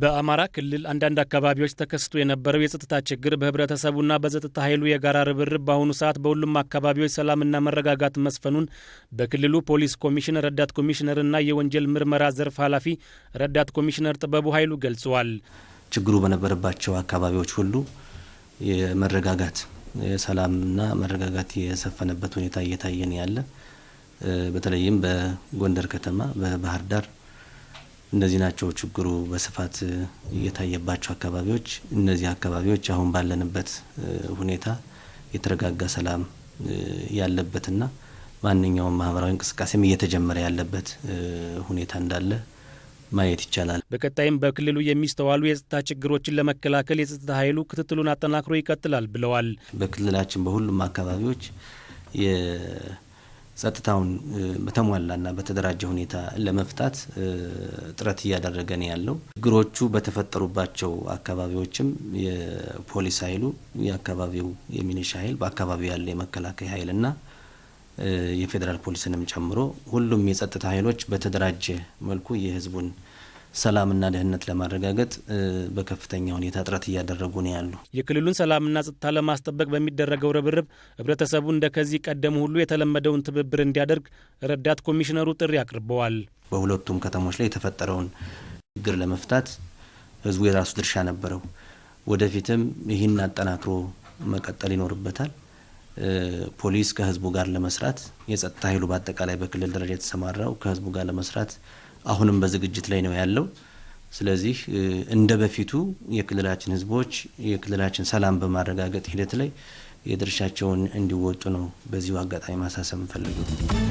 በአማራ ክልል አንዳንድ አካባቢዎች ተከስቶ የነበረው የጸጥታ ችግር በህብረተሰቡና በጸጥታ ኃይሉ የጋራ ርብርብ በአሁኑ ሰዓት በሁሉም አካባቢዎች ሰላምና መረጋጋት መስፈኑን በክልሉ ፖሊስ ኮሚሽን ረዳት ኮሚሽነርና የወንጀል ምርመራ ዘርፍ ኃላፊ ረዳት ኮሚሽነር ጥበቡ ኃይሉ ገልጸዋል። ችግሩ በነበረባቸው አካባቢዎች ሁሉ የመረጋጋት የሰላምና መረጋጋት የሰፈነበት ሁኔታ እየታየን ያለ በተለይም በጎንደር ከተማ፣ በባህር ዳር እነዚህ ናቸው ችግሩ በስፋት የታየባቸው አካባቢዎች። እነዚህ አካባቢዎች አሁን ባለንበት ሁኔታ የተረጋጋ ሰላም ያለበትና ማንኛውም ማህበራዊ እንቅስቃሴም እየተጀመረ ያለበት ሁኔታ እንዳለ ማየት ይቻላል። በቀጣይም በክልሉ የሚስተዋሉ የጸጥታ ችግሮችን ለመከላከል የጸጥታ ኃይሉ ክትትሉን አጠናክሮ ይቀጥላል ብለዋል። በክልላችን በሁሉም አካባቢዎች ጸጥታውን በተሟላና በተደራጀ ሁኔታ ለመፍታት ጥረት እያደረገ ነው ያለው። ችግሮቹ በተፈጠሩባቸው አካባቢዎችም የፖሊስ ኃይሉ የአካባቢው የሚኒሻ ኃይል በአካባቢው ያለ የመከላከያ ኃይልና የፌዴራል ፖሊስንም ጨምሮ ሁሉም የጸጥታ ኃይሎች በተደራጀ መልኩ የህዝቡን ሰላምና ደህንነት ለማረጋገጥ በከፍተኛ ሁኔታ ጥረት እያደረጉ ነው ያሉ የክልሉን ሰላምና ጸጥታ ለማስጠበቅ በሚደረገው ርብርብ ህብረተሰቡ እንደ ከዚህ ቀደም ሁሉ የተለመደውን ትብብር እንዲያደርግ ረዳት ኮሚሽነሩ ጥሪ አቅርበዋል። በሁለቱም ከተሞች ላይ የተፈጠረውን ችግር ለመፍታት ህዝቡ የራሱ ድርሻ ነበረው። ወደፊትም ይህን አጠናክሮ መቀጠል ይኖርበታል። ፖሊስ ከህዝቡ ጋር ለመስራት የጸጥታ ኃይሉ በአጠቃላይ በክልል ደረጃ የተሰማራው ከህዝቡ ጋር ለመስራት አሁንም በዝግጅት ላይ ነው ያለው። ስለዚህ እንደ በፊቱ የክልላችን ህዝቦች የክልላችን ሰላም በማረጋገጥ ሂደት ላይ የድርሻቸውን እንዲወጡ ነው በዚሁ አጋጣሚ ማሳሰብ እንፈልገው።